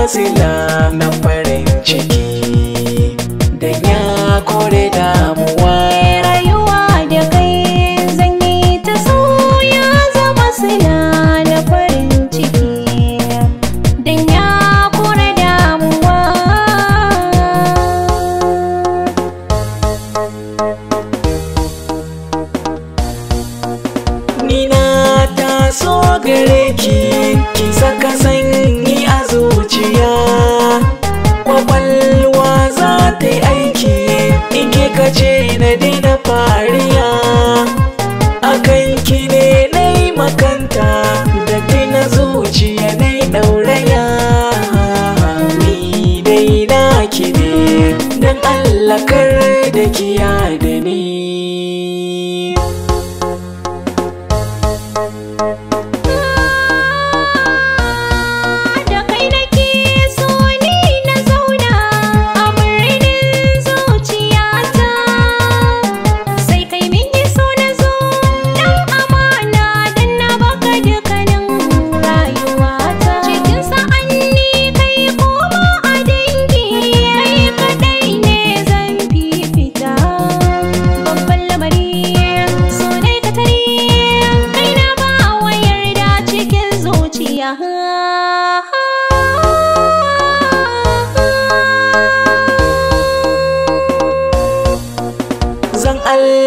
wasila na farin ciki da ya kore damuwa rayuwa da kai zan yi ta so ya zama sila na farin ciki da ya kore damuwa ni na taso gare ki ki saka sai kare da kiya da ni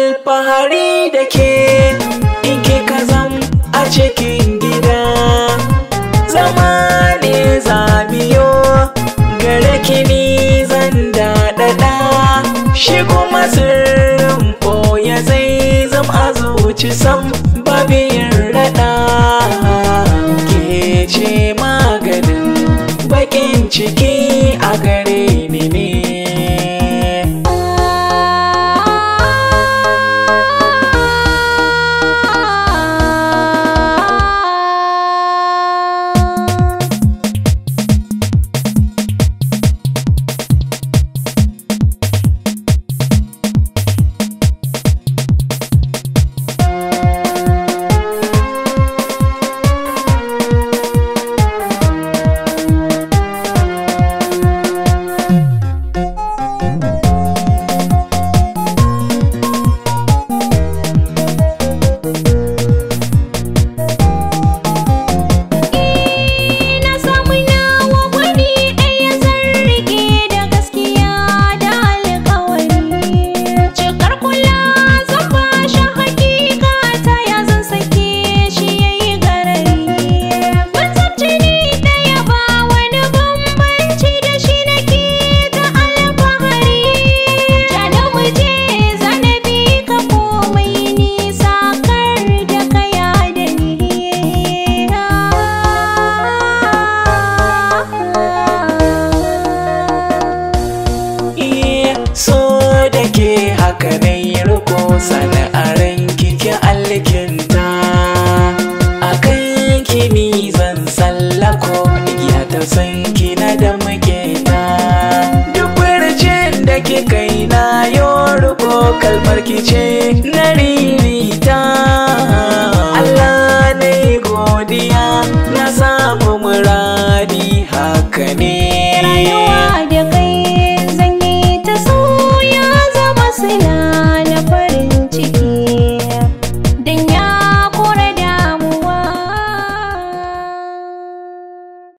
alfahari da ke in ke kazam a cikin gida zama ne biyo gare kini zan daɗaɗa shi kuma sirrin ya zai zam a zuci sam babin raɗa ke ce maganin baƙin ciki a gare ni Ke haka dai riko sana'aran kike alkinta a kan ni zan sallako ya ta san kina da maketa duk farcen da kika yi na yo riko kalmar kice na ririta Allah ne godiya na samu muradi haka ne rayuwa